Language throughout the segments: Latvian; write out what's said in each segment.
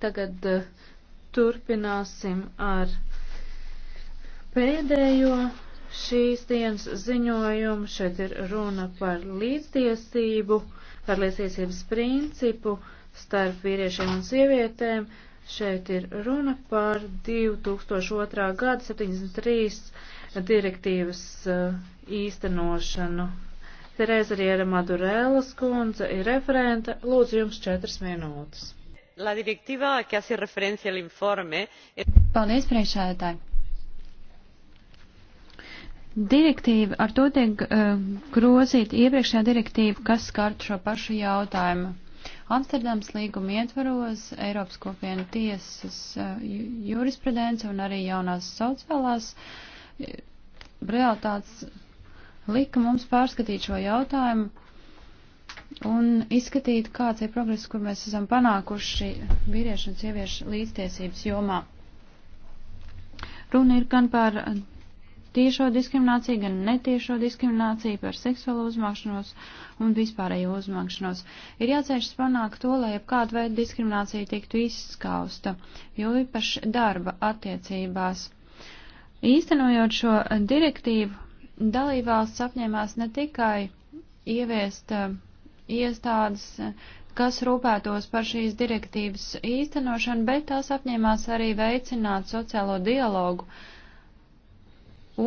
Tagad eh, turpināsim ar pēdējo šīs dienas ziņojumu. Šeit ir runa par līdztiesību, par līdztiesības principu starp vīriešiem un sievietēm. Šeit ir runa par 2002. gada 73 direktīvas eh, īstenošanu. Tereza Riera Madurēlas kundze ir referente. Lūdzu, jums četras minūtes. La directiva, que hace referencia el informe. Paldies, priekšsēdētāji. Direktīva, ar to tiek uh, eh, grozīta iepriekšējā direktīva, kas skart šo pašu jautājumu. Amsterdams līguma ietvaros Eiropas kopienu tiesas uh, jurisprudence un arī jaunās sociālās eh, realitātes lika mums pārskatīt šo jautājumu un izskatīt, kāds ir progress, kur mēs esam panākuši vīriešu un sieviešu līdztiesības jomā. Runa ir gan par tiešo diskrimināciju, gan netiešo diskrimināciju, par seksuālo uzmākšanos un vispārējo uzmākšanos. Ir jācenšas panākt to, lai jebkāda veida diskriminācija tiktu izskausta, jo īpaši darba attiecībās. Īstenojot šo direktīvu, dalībvalsts apņēmās ne tikai ieviest uh, iestādes, kas rūpētos par šīs direktīvas īstenošanu, bet tās apņēmās arī veicināt sociālo dialogu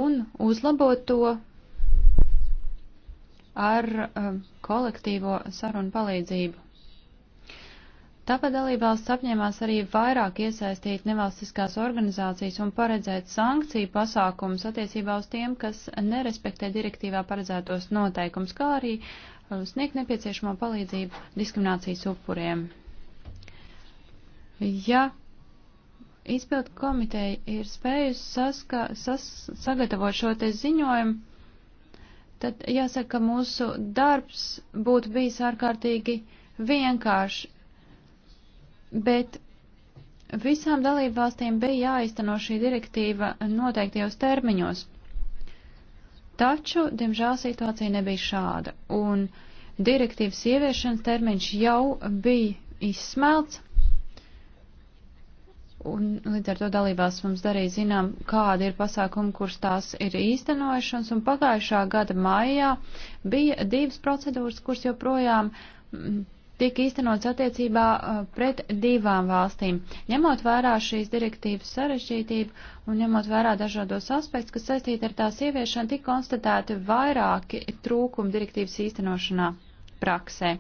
un uzlabot to ar um, kolektīvo sarunu palīdzību. Tāpat dalībvalsts apņēmās arī vairāk iesaistīt nevalstiskās organizācijas un paredzēt sankciju pasākumus attiecībā uz tiem, kas nerespektē direktīvā paredzētos noteikums, kā arī Uh, sniegt nepieciešamo palīdzību diskriminācijas upuriem. Ja izpildu komiteja ir spējusi saska, sas, sagatavot šo te ziņojumu, tad jāsaka, ka mūsu darbs būtu bijis ārkārtīgi vienkārši, bet visām dalībvalstīm bija jāizteno šī direktīva noteiktajos termiņos. Taču, diemžēl, situācija nebija šāda, un direktīvas ieviešanas termiņš jau bija izsmelts, un līdz ar to dalībās mums darīja zinām, kādi ir pasākumi, kurus tās ir īstenojušas, un pagājušā gada maijā bija divas procedūras, kuras joprojām mm, tika īstenots attiecībā uh, pret divām valstīm. Ņemot vērā šīs direktīvas sarežģītību un ņemot vērā dažādos aspektus, kas saistīti ar tās ieviešanu, tika konstatēti vairāki trūkumi direktīvas īstenošanā praksē.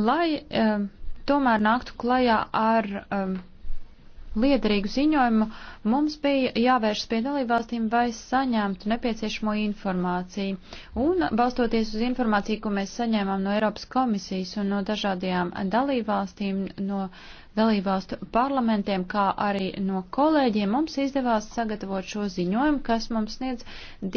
Lai um, tomēr nāktu klajā ar um, liederīgu ziņojumu, mums bija jāvēršas pie dalībvalstīm, vai saņemtu nepieciešamo informāciju. Un, balstoties uz informāciju, ko mēs saņēmām no Eiropas komisijas un no dažādajām dalībvalstīm, no dalībvalstu parlamentiem, kā arī no kolēģiem, mums izdevās sagatavot šo ziņojumu, kas mums sniedz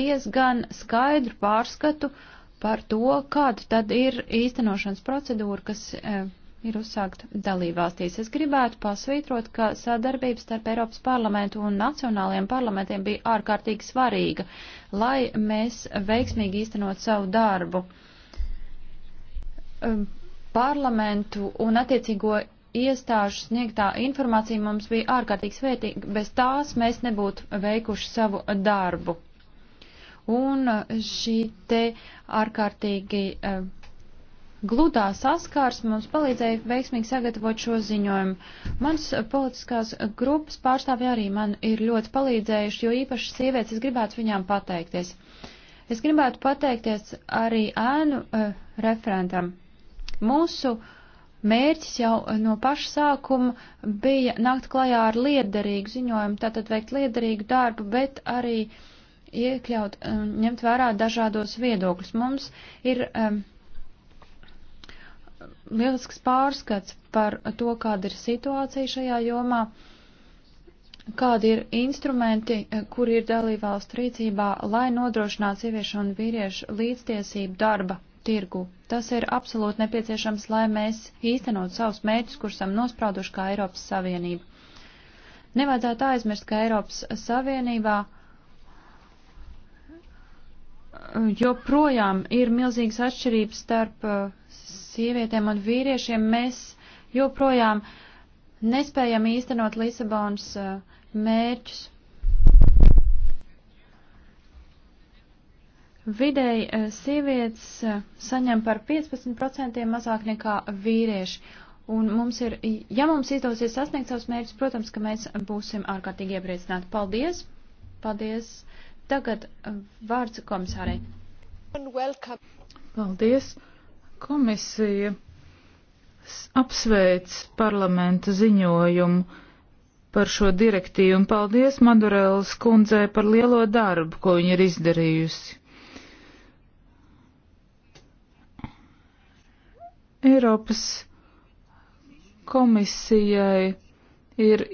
diezgan skaidru pārskatu par to, kāda tad ir īstenošanas procedūra, kas. E, ir uzsākt dalībvalstīs. Es gribētu pasvītrot, ka sadarbība starp Eiropas parlamentu un nacionālajiem parlamentiem bija ārkārtīgi svarīga, lai mēs veiksmīgi īstenot savu darbu. Parlamentu un attiecīgo iestāžu sniegtā informācija mums bija ārkārtīgi svētīga, bez tās mēs nebūtu veikuši savu darbu. Un šī te ārkārtīgi uh, gludā saskārsme mums palīdzēja veiksmīgi sagatavot šo ziņojumu. Mans politiskās grupas pārstāvja arī man ir ļoti palīdzējuši, jo īpaši sievietes es gribētu viņām pateikties. Es gribētu pateikties arī ēnu uh, referentam. Mūsu mērķis jau no paša sākuma bija nākt klajā ar liederīgu ziņojumu, tātad veikt liederīgu darbu, bet arī iekļaut, um, ņemt vērā dažādos viedokļus. Mums ir um, lielisks pārskats par to, kāda ir situācija šajā jomā, kādi ir instrumenti, eh, kur ir dalībvalstu rīcībā, lai nodrošinātu sieviešu un vīriešu līdztiesību darba tirgu. Tas ir absolūti nepieciešams, lai mēs īstenot savus mērķus, kurus esam nosprauduši kā Eiropas Savienība. Nevajadzētu aizmirst, ka Eiropas Savienībā eh, joprojām ir milzīgas atšķirības starp uh, sievietēm un vīriešiem, mēs joprojām nespējam īstenot Lisabonas eh, mērķus. Vidēji eh, sievietes eh, saņem par 15% mazāk nekā vīrieši. Un mums ir, ja mums izdosies sasniegt savus mērķus, protams, ka mēs būsim ārkārtīgi iepriecināti. Paldies! Paldies! Tagad vārds komisārei. Paldies! Komisija apsveic parlamenta ziņojumu par šo direktīvu un paldies Madurēlas kundzē par lielo darbu, ko viņa ir izdarījusi. Eiropas komisijai ir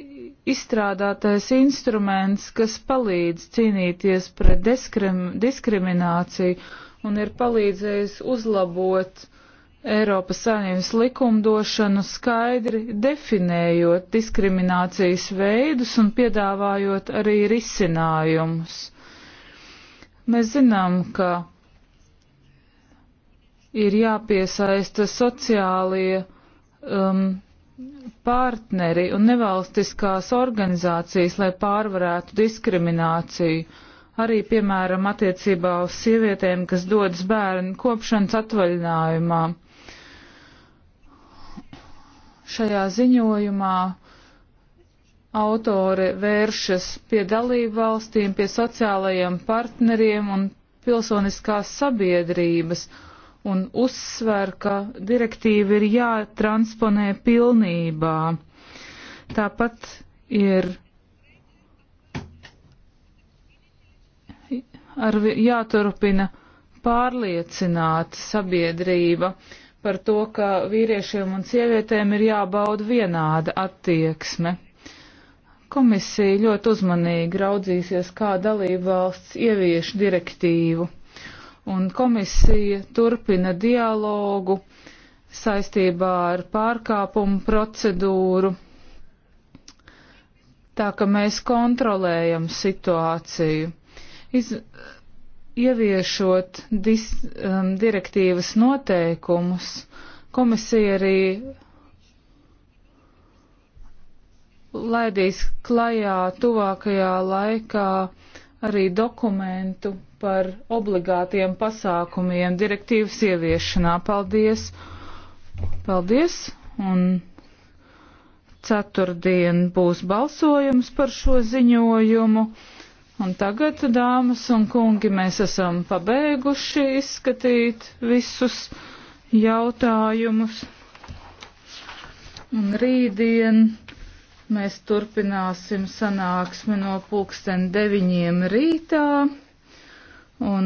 izstrādātais instruments, kas palīdz cīnīties pret diskrim, diskrimināciju un ir palīdzējis uzlabot uh, Eiropas Savienības likumdošanu skaidri definējot diskriminācijas veidus un piedāvājot arī risinājumus. Mēs zinām, ka ir jāpiesaista sociālie um, partneri un nevalstiskās organizācijas, lai pārvarētu diskrimināciju. Arī, piemēram, attiecībā uz sievietēm, kas dodas bērnu kopšanas atvaļinājumā. Šajā ziņojumā autore vēršas pie dalību valstīm, pie sociālajiem partneriem un pilsoniskās sabiedrības un uzsver, ka direktīva ir jātransponē pilnībā. Tāpat ir ar, jāturpina pārliecināt sabiedrība par to, ka vīriešiem un sievietēm ir jābauda vienāda attieksme. Komisija ļoti uzmanīgi raudzīsies, kā dalība valsts ievieš direktīvu, un komisija turpina dialogu saistībā ar pārkāpumu procedūru, tā ka mēs kontrolējam situāciju. Iz, Ieviešot dis, um, direktīvas noteikumus, komisija arī laidīs klajā tuvākajā laikā arī dokumentu par obligātiem pasākumiem direktīvas ieviešanā. Paldies! Paldies! Un ceturtdien būs balsojums par šo ziņojumu. Un tagad, dāmas un kungi, mēs esam pabeiguši izskatīt visus jautājumus. Un rītdien mēs turpināsim sanāksmi no pulksten deviņiem rītā. Un